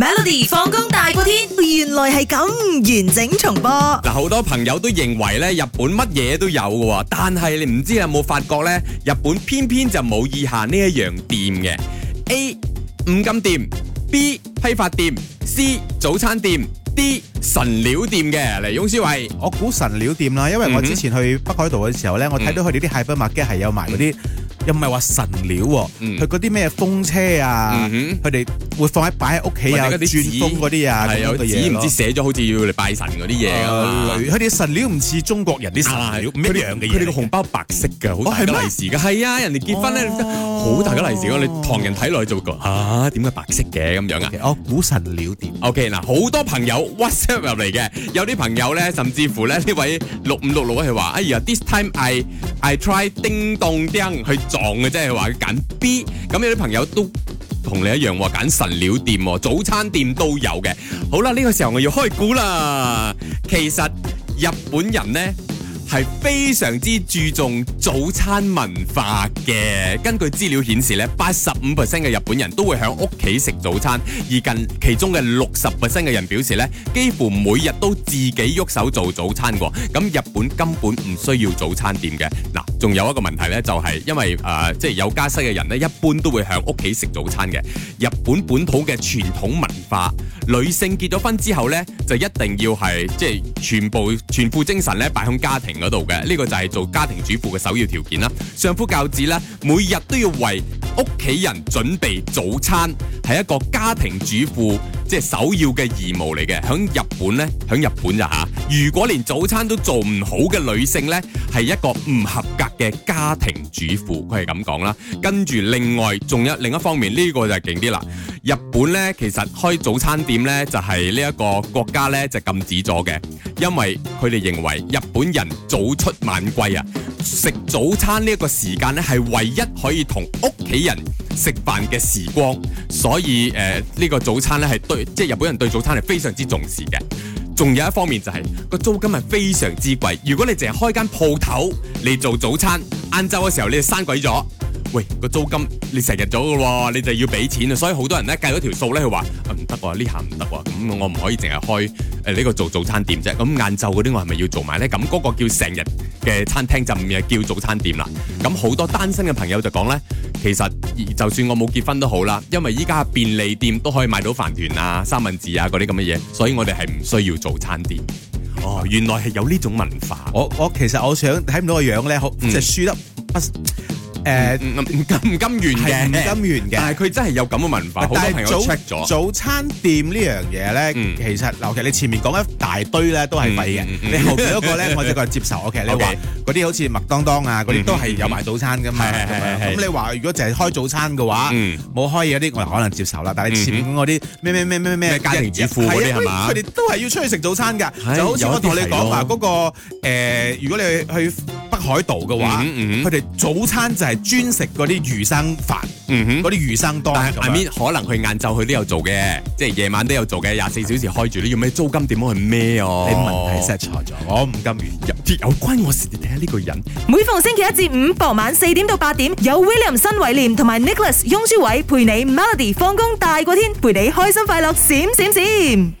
Melody 放工大過天，原來係咁完整重播。嗱，好多朋友都認為咧，日本乜嘢都有嘅，但係你唔知有冇發覺咧，日本偏偏就冇以下呢一樣店嘅：A 五金店、B 批發店、C 早餐店、D 神料店嘅。嚟，勇師偉，我估神料店啦，因為我之前去北海道嘅時候咧，mm hmm. 我睇到佢哋啲蟹粉麥記係有埋嗰啲。Mm hmm. 又唔係話神料喎，佢嗰啲咩風車啊，佢哋會放喺擺喺屋企啊，嗰啲轉風嗰啲啊，紙唔知寫咗好似要嚟拜神嗰啲嘢啊，佢哋神料唔似中國人啲神料，佢哋嘅紅包白色㗎，好大個利是㗎，係啊，人哋結婚咧好大個利是㗎，你唐人睇落去做過啊？點解白色嘅咁樣啊？哦，古神料店。O K 嗱，好多朋友 WhatsApp 入嚟嘅，有啲朋友咧，甚至乎咧呢位六五六六係話，哎呀，this time I I try 叮咚叮去撞嘅啫，係話佢揀 B，咁有啲朋友都同你一樣話揀神料店、哦、早餐店都有嘅。好啦，呢、呢個時候我要開估啦。其實日本人咧。係非常之注重早餐文化嘅。根據資料顯示咧，八十五 percent 嘅日本人都會喺屋企食早餐，而近其中嘅六十 percent 嘅人表示咧，幾乎每日都自己喐手做早餐喎，咁日本根本唔需要早餐店嘅嗱。仲有一個問題呢，就係、是、因為誒、呃，即係有家室嘅人呢，一般都會喺屋企食早餐嘅。日本本土嘅傳統文化，女性結咗婚之後呢，就一定要係即係全部全副精神呢擺響家庭嗰度嘅。呢、這個就係做家庭主婦嘅首要條件啦。相夫教子呢，每日都要為屋企人準備早餐，係一個家庭主婦即係首要嘅義務嚟嘅。響日本呢，響日本就嚇、啊。如果連早餐都做唔好嘅女性呢，係一個唔合格嘅家庭主婦，佢係咁講啦。跟住另外仲有另一方面，呢個就勁啲啦。日本呢，其實開早餐店呢，就係呢一個國家呢，就禁止咗嘅，因為佢哋認為日本人早出晚歸啊，食早餐呢一個時間呢係唯一可以同屋企人食飯嘅時光，所以誒呢個早餐呢，係對，即係日本人對早餐係非常之重視嘅。仲有一方面就係、是、個租金係非常之貴，如果你淨係開間鋪頭嚟做早餐，晏晝嘅時候你就閂鬼咗。喂，個租金你成日做㗎喎、哦，你就要俾錢啊，所以好多人咧計咗條數咧，佢話唔得喎，呢下唔得喎，咁我唔可以淨係開誒呢、呃呢個做早餐店啫。咁晏晝嗰啲我係咪要做埋咧？咁嗰個叫成日嘅餐廳就唔係叫早餐店啦。咁好多單身嘅朋友就講咧。其實就算我冇結婚都好啦，因為依家便利店都可以買到飯團啊、三文治啊嗰啲咁嘅嘢，所以我哋係唔需要早餐店。哦，原來係有呢種文化我。我我其實我想睇唔到個樣咧，好即係輸得不。啊誒唔金元嘅金元嘅，但係佢真係有咁嘅文化。但係早早餐店呢樣嘢咧，其實嗱，其實你前面講一大堆咧都係廢嘅。你後面嗰個咧，我只係接受。我其實你話嗰啲好似麥當當啊，嗰啲都係有賣早餐噶嘛。咁你話如果淨係開早餐嘅話，冇開嘢嗰啲我可能接受啦。但係前面嗰啲咩咩咩咩咩家庭主婦係嘛？佢哋都係要出去食早餐㗎。就好似我同你講話嗰個誒如果你去。北海道嘅話，佢哋、mm hmm, mm hmm. 早餐就係專食嗰啲魚生飯，嗰啲、mm hmm. 魚生多。但係 m 可能佢晏晝佢都有做嘅，即係夜晚都有做嘅，廿四小時開住。你要咩租金、啊？點樣去孭哦？你問題實錯咗。我唔甘於入，有，有關我事、啊，你睇下呢個人。每逢星期一至五傍晚四點到八點，有 William 新維廉同埋 Nicholas 雍舒偉陪你，你 Melody 放工大過天，陪你開心快樂閃閃閃。閃閃閃閃